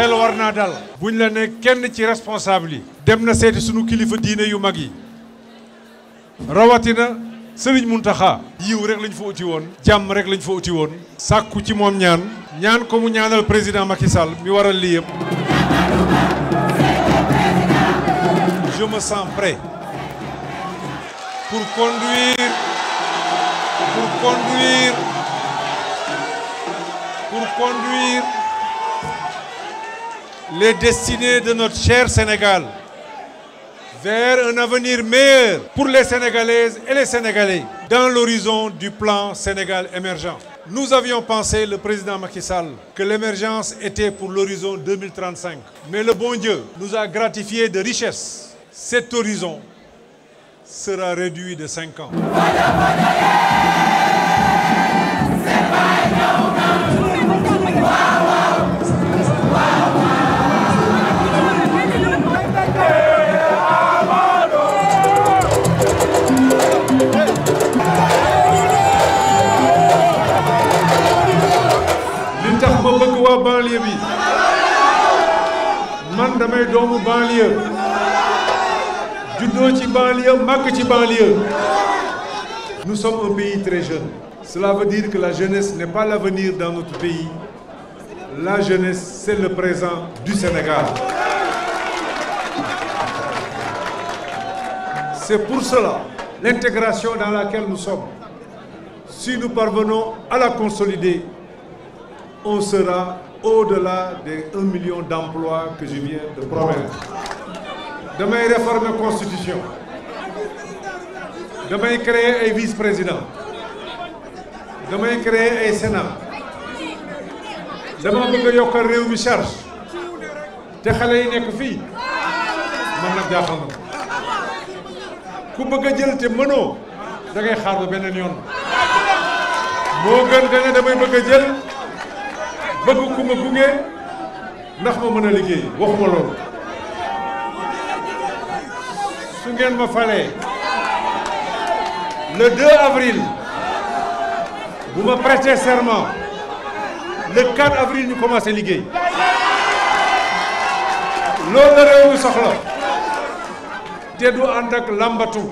xel war naa dal buñ la ne kenn ci responsable yi dem na seeti sunu kilifa diine yu mag yi rawatina sëriñ Muntaxa yiw rek lañ fa uti woon jàmm rek lañ fa uti woon sàkku ci moom ñaan ñaan ko mu ñaanal président Macky Sall mi waral lii yëpp je me sens prêt pour conduire pour conduire pour conduire les destinées de notre cher Sénégal vers un avenir meilleur pour les Sénégalaises et les Sénégalais dans l'horizon du plan Sénégal émergent. Nous avions pensé, le président Macky Sall, que l'émergence était pour l'horizon 2035. Mais le bon Dieu nous a gratifié de richesses. Cet horizon sera réduit de 5 ans. nous sommes un pays très jeune cela veut dire que la jeunesse n'est pas l'avenir dans notre pays la jeunesse c'est le présent du Sénégal c'est pour cela l'intégration dans laquelle nous sommes si nous parvenons à la consolider on sera au-delà des 1 million d'emplois que je viens de promettre. réforme la constitution Demain créer un vice-président Demain créer un sénat Demain, bëgg a charge yi fille. ku bëgg jël da ngay xaar ba fille. yoon bëgg ku ma gunge ndax ma mën a liggéey waxuma loolu su ngeen ma falee le 2 avril vous ma prêter serment le 4 avril ñu commencé liggéey loolu la réew mi soxla te du ànd ak làmbatu